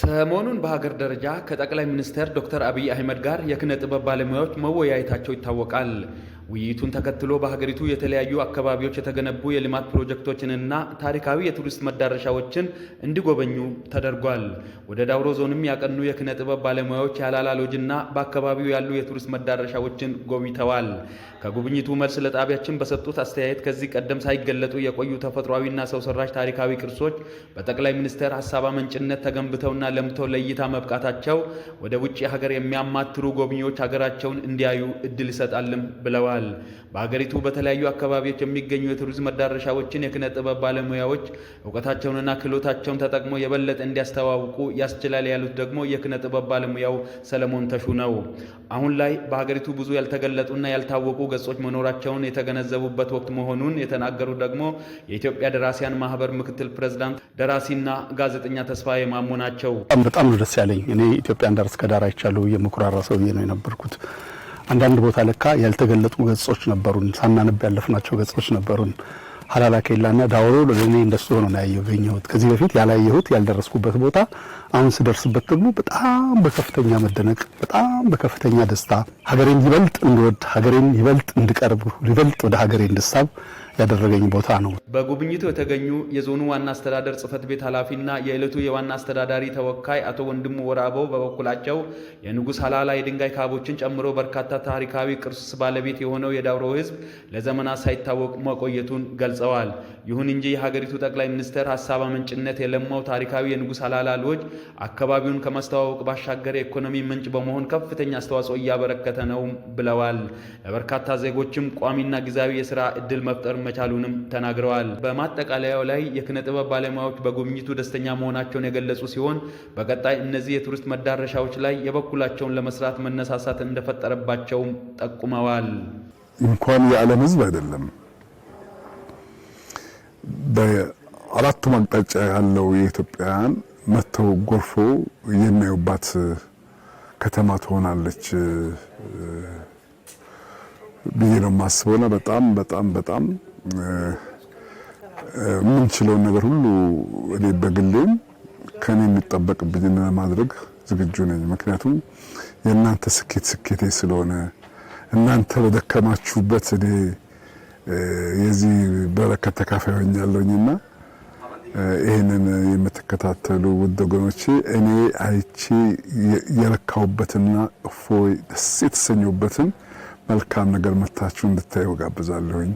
ሰሞኑን በሀገር ደረጃ ከጠቅላይ ሚኒስትር ዶክተር አብይ አህመድ ጋር የኪነ ጥበብ ባለሙያዎች መወያየታቸው ይታወቃል። ውይይቱን ተከትሎ በሀገሪቱ የተለያዩ አካባቢዎች የተገነቡ የልማት ፕሮጀክቶችንና ታሪካዊ የቱሪስት መዳረሻዎችን እንዲጎበኙ ተደርጓል። ወደ ዳውሮ ዞንም ያቀኑ የኪነ ጥበብ ባለሙያዎች የሀላላ ሎጅና በአካባቢው ያሉ የቱሪስት መዳረሻዎችን ጎብኝተዋል። ከጉብኝቱ መልስ ለጣቢያችን በሰጡት አስተያየት ከዚህ ቀደም ሳይገለጡ የቆዩ ተፈጥሯዊና ሰው ሰራሽ ታሪካዊ ቅርሶች በጠቅላይ ሚኒስትር ሀሳብ አመንጭነት ተገንብተውና ለምተው ለእይታ መብቃታቸው ወደ ውጭ ሀገር የሚያማትሩ ጎብኚዎች ሀገራቸውን እንዲያዩ እድል ይሰጣልም ብለዋል። ተናግረዋል። በሀገሪቱ በተለያዩ አካባቢዎች የሚገኙ የቱሪዝም መዳረሻዎችን የኪነ ጥበብ ባለሙያዎች እውቀታቸውንና ክህሎታቸውን ተጠቅሞ የበለጠ እንዲያስተዋውቁ ያስችላል ያሉት ደግሞ የኪነ ጥበብ ባለሙያው ሰለሞን ተሹ ነው። አሁን ላይ በሀገሪቱ ብዙ ያልተገለጡና ያልታወቁ ገጾች መኖራቸውን የተገነዘቡበት ወቅት መሆኑን የተናገሩት ደግሞ የኢትዮጵያ ደራሲያን ማህበር ምክትል ፕሬዝዳንት ደራሲና ጋዜጠኛ ተስፋዬ ማሞ ናቸው። በጣም ነው ደስ ያለኝ። እኔ ኢትዮጵያን ዳር እስከ ዳር የምኩራራ ሰውዬ ነው የነበርኩት። አንዳንድ ቦታ ለካ ያልተገለጡ ገጾች ነበሩን፣ ሳናነብ ያለፍናቸው ገጾች ነበሩን። ሀላላ ኬላና ዳውሮ ለእኔ እንደሱ ሆኖ ነው ያየሁት። ከዚህ በፊት ያላየሁት ያልደረስኩበት ቦታ አሁን ስደርስበት ደግሞ በጣም በከፍተኛ መደነቅ፣ በጣም በከፍተኛ ደስታ ሀገሬን ይበልጥ እንድወድ፣ ሀገሬን ይበልጥ እንድቀርብ፣ ይበልጥ ወደ ሀገሬ እንድሳብ ያደረገኝ ቦታ ነው። በጉብኝቱ የተገኙ የዞኑ ዋና አስተዳደር ጽህፈት ቤት ኃላፊና የዕለቱ የዋና አስተዳዳሪ ተወካይ አቶ ወንድሙ ወራበው በበኩላቸው የንጉሥ ሀላላ የድንጋይ ካቦችን ጨምሮ በርካታ ታሪካዊ ቅርስ ባለቤት የሆነው የዳውሮ ህዝብ ለዘመናት ሳይታወቅ መቆየቱን ገልጸዋል። ይሁን እንጂ የሀገሪቱ ጠቅላይ ሚኒስትር ሀሳብ አመንጭነት የለማው ታሪካዊ የንጉሥ ሀላላ ሎጅ አካባቢውን ከማስተዋወቅ ባሻገር የኢኮኖሚ ምንጭ በመሆን ከፍተኛ አስተዋጽኦ እያበረከተ ነው ብለዋል። ለበርካታ ዜጎችም ቋሚና ጊዜያዊ የስራ ዕድል መፍጠር መቻሉንም ተናግረዋል። በማጠቃለያው ላይ የኪነ ጥበብ ባለሙያዎች በጉብኝቱ ደስተኛ መሆናቸውን የገለጹ ሲሆን በቀጣይ እነዚህ የቱሪስት መዳረሻዎች ላይ የበኩላቸውን ለመስራት መነሳሳት እንደፈጠረባቸውም ጠቁመዋል። እንኳን የዓለም ሕዝብ አይደለም በአራቱም አቅጣጫ ያለው የኢትዮጵያውያን መጥተው ጎርፎ የሚያዩባት ከተማ ትሆናለች ብዬ ነው የማስበውና በጣም በጣም በጣም የምንችለውን ነገር ሁሉ እኔ በግሌም ከኔ የሚጠበቅብኝን ለማድረግ ዝግጁ ነኝ። ምክንያቱም የእናንተ ስኬት ስኬቴ ስለሆነ እናንተ በደከማችሁበት እኔ የዚህ በረከት ተካፋይ ሆኛለሁኝና ይህንን የምትከታተሉ ውድ ወገኖቼ እኔ አይቼ የረካሁበትና እፎይ ደስ የተሰኘሁበትን መልካም ነገር መታችሁ እንድታዩ ጋብዛለሁኝ።